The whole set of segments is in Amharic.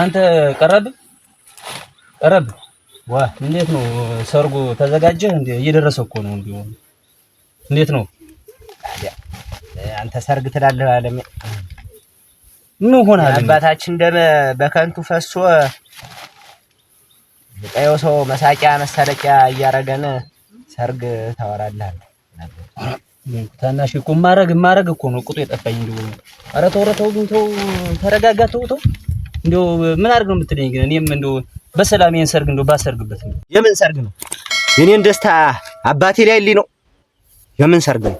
አንተ ቀረብ ቀረብ። ዋ እንዴት ነው ሰርጉ? ተዘጋጀ እንዴ? እየደረሰ እኮ ነው። እንዴ እንዴት ነው አንተ ሰርግ ትላለህ? አለም ምን ሆናል? አባታችን ደም በከንቱ ፈሶ የቀየው ሰው መሳቂያ መሳለቂያ እያረገን ሰርግ ታወራለህ? ታናሽ እኮ ማረግ ማረግ እኮ ነው ቁጡ የጠፋኝ። እንዴ አረ ተው ኧረ ተው ተው፣ ተረጋጋ ተው ተው እንደው ምን አድርግ ነው የምትለኝ? ግን እኔም እንደው በሰላም ይሄን ሰርግ እንደው ባሰርግበት ነው። የምን ሰርግ ነው? የኔን ደስታ አባቴ ላይ ነው። የምን ሰርግ ነው?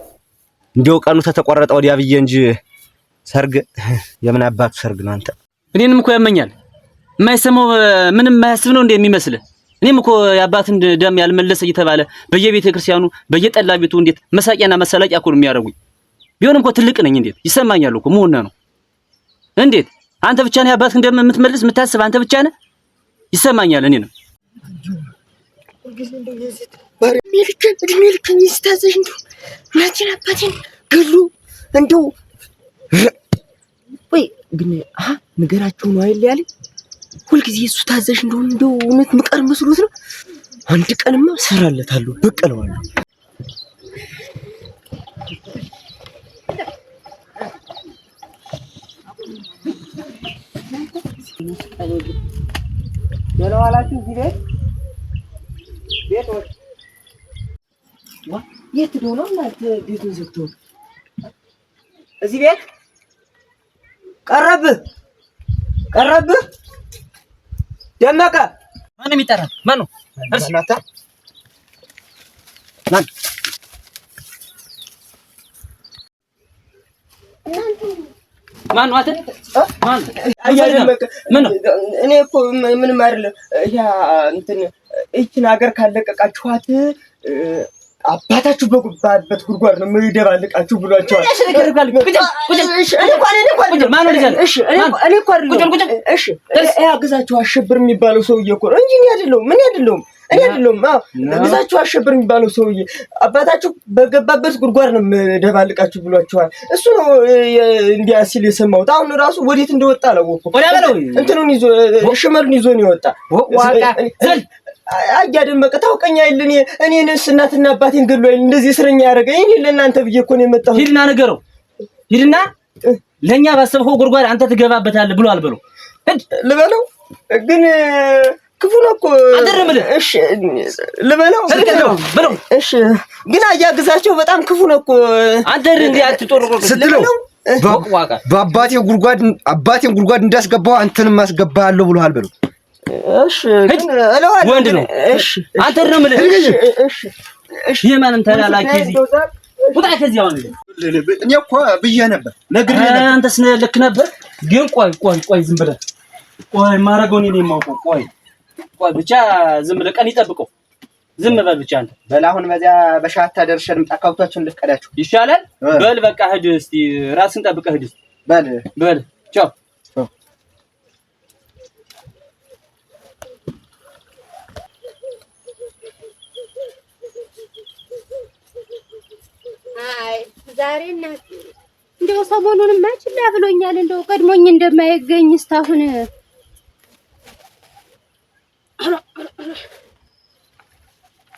እንደው ቀኑ ተተቆረጠ ወዲያ ብዬ እንጂ ሰርግ የምን አባቱ ሰርግ ነው? አንተ እኔንም እኮ ያመኛል። የማይሰማው ምንም የማያስብ ነው እንዴ የሚመስል? እኔም እኮ የአባትን ደም ያልመለሰ እየተባለ በየቤተ ክርስቲያኑ በየጠላ ቤቱ እንዴት መሳቂያና መሳለቂያ እኮ ነው የሚያደርጉኝ። ቢሆንም እኮ ትልቅ ነኝ። እንዴት ይሰማኛል እኮ መሆን ነው እንዴት አንተ ብቻ ነህ አባትህ እንደም የምትመልስ የምታስብ አንተ ብቻ ነህ። ይሰማኛል። እኔ ነው እድሜ ልኬን የስታዘሽ እንደው እናቴን አባቴን ገሉ እንደው ወይ ግን አ ነገራቸው ነው አይደል ያለኝ ሁልጊዜ እሱ ታዘሽ እንደው እንደው እውነት ምቀር መስሎት ነው። አንድ ቀንማ ሰራለታለሁ በቀለዋለሁ ለለዋላችሁ እዚህ ቤት ቤቶች የት ዶ ነው እናንተ ቤቱን ዘግቶ እዚህ ቤት ቀረብህ ቀረብህ ደመቀ ማንም ይጠራል ማን ነው እርስ ማን እናንተ ምን? እኔ እኮ ምንም አይደለም። ያ እንትን ይችን ሀገር ካለቀቃችኋት አባታችሁ በጉባበት ጉድጓድ ነው የምደባልቃችሁ ብሏቸዋል። ግዛችሁ አሸብር የሚባለው ሰውዬ እኮ ነው እንጂ እኔ አይደለሁም። እኔ አይደለሁም። እኔ አይደለሁም። ግዛችሁ አሸብር የሚባለው ሰውዬ አባታችሁ በገባበት ጉድጓድ ነው የምደባልቃችሁ ብሏቸዋል። እሱ ነው እንዲያ ሲል የሰማሁት። አሁን ራሱ ወዴት እንደወጣ አላወኩም። እንትኑን ይዞ ሽመሉን ይዞ ነው የወጣ አያደመቀ ታውቀኛል። እኔ እኔን እናትና አባቴን ገሎ እንደዚህ እስረኛ ያደረገኝ እኔ ለእናንተ ብዬ እኮ ነው የመጣሁት። ሂድና ነገረው፣ ሂድና ለእኛ ባሰብከው ጉድጓድ አንተ ትገባበታለህ ብሎ አልበለው ልበለው ግን ክፉ ነው እኮ አደረምልህ። እሺ ልበለው በለው። እሺ ግን አያግዛቸው በጣም ክፉ ነው እኮ አደረ እንዴ አትጦር ስትለው በአባቴ ጉድጓድ አባቴን ጉድጓድ እንዳስገባው አንተንም አስገባሃለሁ ብሎሃል በለው ወንድ ነው። አንተ ነው የምልህ። ይህ ምንም ተላላኪ ውጣ ከዚህ። አሁን እኔ እኮ ብዬህ ነበር ነግሬህ ነበር። አንተስ ልክ ነበር። ግን ቆይ ቆይ ቆይ ዝም ብለህ ቆይ፣ ማረገው እኔ የማውቀው ቆይ ቆይ፣ ብቻ ዝም ብለህ ቀን ይጠብቀው። ዝም በል ብቻ አንተ በል። አሁን በዚያ በሻታ ደርሸን ምጣ፣ ከብቶቹን ልትቀዳቸው ይሻላል። በል በቃ ሂድ እስኪ፣ ራስን ጠብቀህ ሂድ በል በል። ቻው ዛሬ እናት እንደው ሰሞኑን ችላ ብሎኛል። እንደው ቀድሞኝ እንደማይገኝ እስካሁን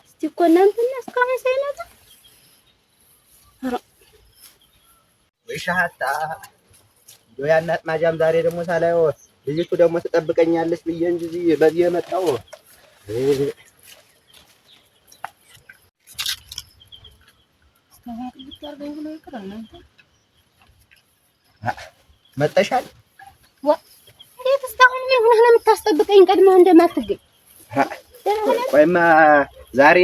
እስቲ እኮ እናንተና እስካሁን ማጃም ዛሬ ደግሞ ሳላየው ልጅቱ ደግሞ ትጠብቀኛለች ብዬ እንጂ በዚህ የመጣው መጠሻል እንዴት? እስካሁን ምን ሆነህ ነው የምታስጠብቀኝ? ቀድመህ እንደማትገኝ ቆይማ፣ ዛሬ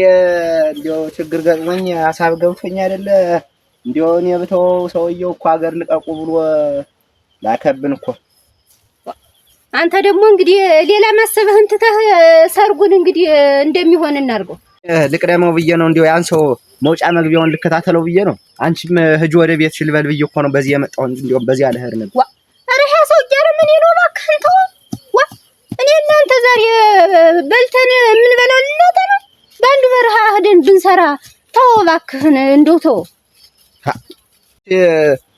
እንዲያው ችግር ገጥሞኝ ሀሳብ ገብቶኝ አይደለ እንዲያው እኔ ብተው ሰውየው እኮ ሀገር ልቀቁ ብሎ ላከብን እኮ። አንተ ደግሞ እንግዲህ ሌላ ማሰብህን ትተህ ሰርጉን እንግዲህ እንደሚሆን እናድርገው። ልቅደመው ብዬ ነው እንዲሁ ያን ሰው መውጫ መግቢያውን ልከታተለው ብዬ ነው። አንቺም ህጅ ወደ ቤት ሽልበል ብዬ እኮ ነው በዚህ የመጣው እንጂ እንዲሁም በዚህ አልሄድ ነበር። ኧረ ያ ሰው እያለ ምን ነው እባክህ እንተው። እኔ እናንተ ዛሬ በልተን የምንበላው ልናጣ ነው። በአንድ በረሃ ሄደን ብንሰራ ተው እባክህን፣ እንደው ተው።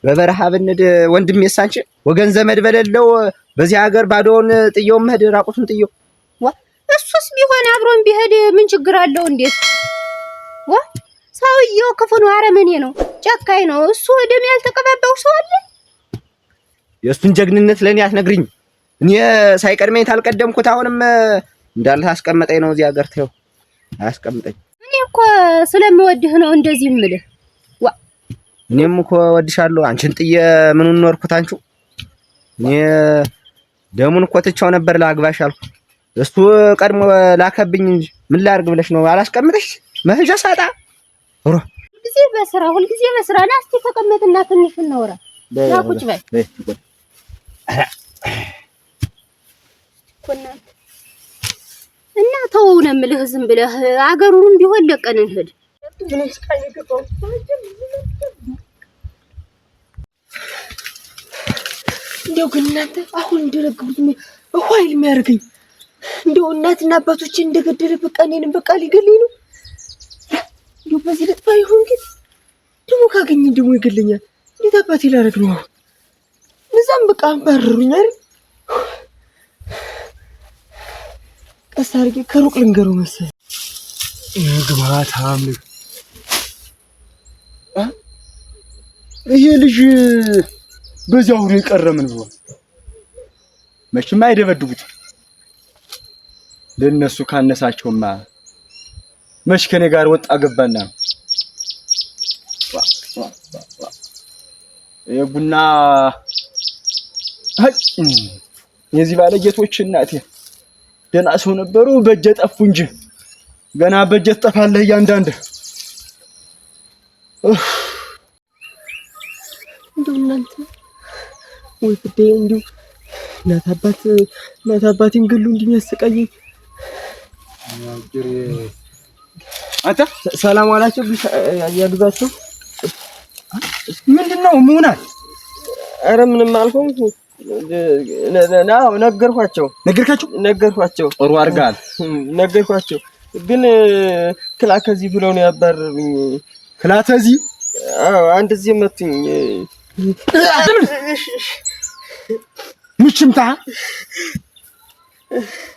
በበረሃ ብንድ ወንድሜስ አንቺ ወገን ዘመድ በሌለው በዚህ ሀገር ባዶውን ጥየው መሄድ ራቁቱን ጥየው እሱስ ቢሆን አብሮን ቢሄድ ምን ችግር አለው? እንዴት ወ ሰውየው ክፉ ነው፣ አረመኔ ነው፣ ጨካኝ ነው። እሱ ደም ያልተቀበበው ሰው አለ? የእሱን ጀግንነት ለእኔ አትነግሪኝ። እኔ ሳይቀድመኝ ታልቀደምኩት አሁንም እንዳለ አስቀምጠኝ ነው እዚህ ሀገር ተው አስቀምጠኝ። እኔ እኮ ስለምወድህ ነው እንደዚህ የምልህ። ዋ እኔም እኮ ወድሻለሁ። አንቺን ጥዬ ምኑን ኖርኩት? አንቺ እኔ ደሙን እኮ ትቼው ነበር ለአግባሽ አልኩ። እሱ ቀድሞ ላከብኝ እንጂ ምን ላርግ ብለሽ ነው አላስቀምጥሽ መሄጃ ሳጣ ሮ ሁልጊዜ በስራ ሁልጊዜ በስራ ና እስኪ ተቀመጥና ትንሽ እናውራ ቁጭ በይ እና ተው ነው የምልህ ዝም ብለህ አገሩንም ቢሆን ለቀን እንሂድ እንደው ግን እናንተ አሁን እንደለግቡት እኮ ኃይል የሚያደርገኝ እንደው እናትና አባቶች እንደገደለ በቃ እኔንም በቃ ሊገለኝ ነው። እንዲሁ በዚህ ልጥፋ ይሆን ግን ደግሞ ካገኘ ደግሞ ይገለኛል። እንዴት አባቴ ላደርግ ነው? እዛም በቃ አንባረሩኛል። ቀስ አድርጌ ከሩቅ ልንገረው መሰለኝ። ግማት ይሄ ልጅ በዚያ ሁሉ የቀረ ምን ብሎ መቼም አይደበድቡትም ለነሱ ካነሳቸውማ መች ከኔ ጋር ወጣ ገባና የቡና አይ የዚህ ባለጌቶች እናቴ ደህና ሰው ነበሩ። በእጀ ጠፉ እንጂ ገና በእጀ ትጠፋለህ እያንዳንድ። እንደው እናንተ ወይ ፍዴ እንዲሁ እናት አባት እናት አባቴን ግሉ እንዲህ የሚያሰቃየኝ አንተ ሰላም ዋላችሁ ያግዛቸው ምንድን ነው ምሆናል? አረ ምንም አልኩም። ነገርኳቸው። ነገርካቸው? ነገርኳቸው። ጥሩ አድርጋል። ነገርኳቸው ግን ክላከ እዚህ ብለው ነው ያባረሩኝ። ክላተ እዚህ አንድ እዚህ መቱኝ። ምችምታ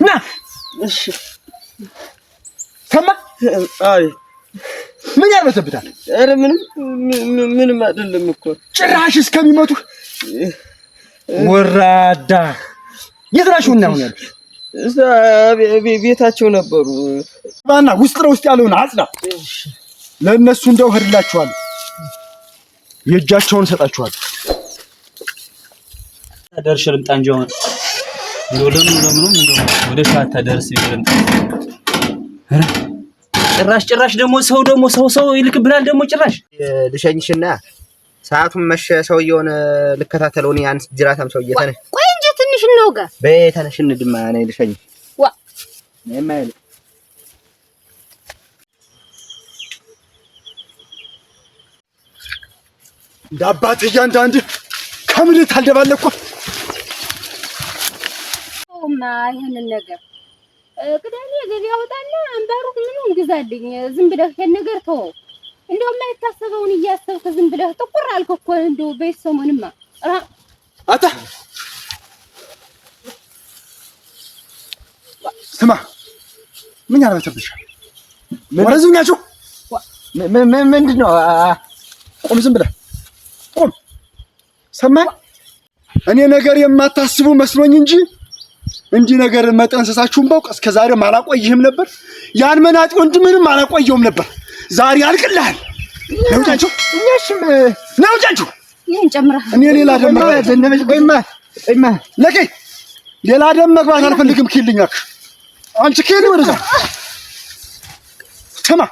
ና ሰማ አይ ምን ያርበተብታል? ኧረ ምንም ምንም አይደለም እኮ ጭራሽ እስከሚመቱ ወራዳ። የት እና አሁን ቤታቸው ነበሩ። ባና ውስጥ ነው ውስጥ ያለውን አጽዳ። ለእነሱ እንደው እህድላችኋለሁ፣ የእጃቸውን እሰጣችኋለሁ። ደርሼ ልምጣ እንጂ አሁን ለወለኑ ለምኑም ወደ ሻታ ደርስ ይብልን። ጭራሽ ጭራሽ ደግሞ ሰው ደግሞ ሰው ሰው ይልክብናል ደግሞ ጭራሽ ልሸኝሽና ሰዓቱን መሸ። ሰውየውን ልከታተለው ነው። ያን ጅራታም ሰውዬ ተነሽ፣ ቆይ እንጂ ትንሽ እንውጋ። በይ ተነሽ እንድማ ነይ ልሸኝሽ። ዋ ምንም አይልም። እንደ አባት እያንዳንድ ከምልህ ታልደባለኩ ይሄንን ነገር ቅዳሜ ገበያ ወጣና አምባሩ ምንም ግዛልኝ። ዝም ብለህ ይሄን ነገር ተወው። እንደው የማይታሰበውን እያሰብክ ዝም ብለህ ጥቁር አልክ እኮ እንደው በይት ሰሞንማ አታ ስማ፣ ምን ያርበተብሻል? ወረዙም ያችሁ ምንድን ነው? ቁም፣ ዝም ብለህ ቁም። ሰማን እኔ ነገር የማታስቡ መስሎኝ እንጂ እንዲህ ነገር መጠንሰሳችሁን ባውቅ እስከ ዛሬም አላቆይህም ነበር። ያን መናጢ ወንድምህንም አላቆየውም ነበር። ዛሬ አልቅልሃል። ነውጫችሁ እኛሽም ነውጫችሁ ይሄን ጨምራ እኔ ሌላ ደም ሌላ ደም መግባት አልፈልግም። ኪልኛክ አንቺ ኪል ወደዛ ስማ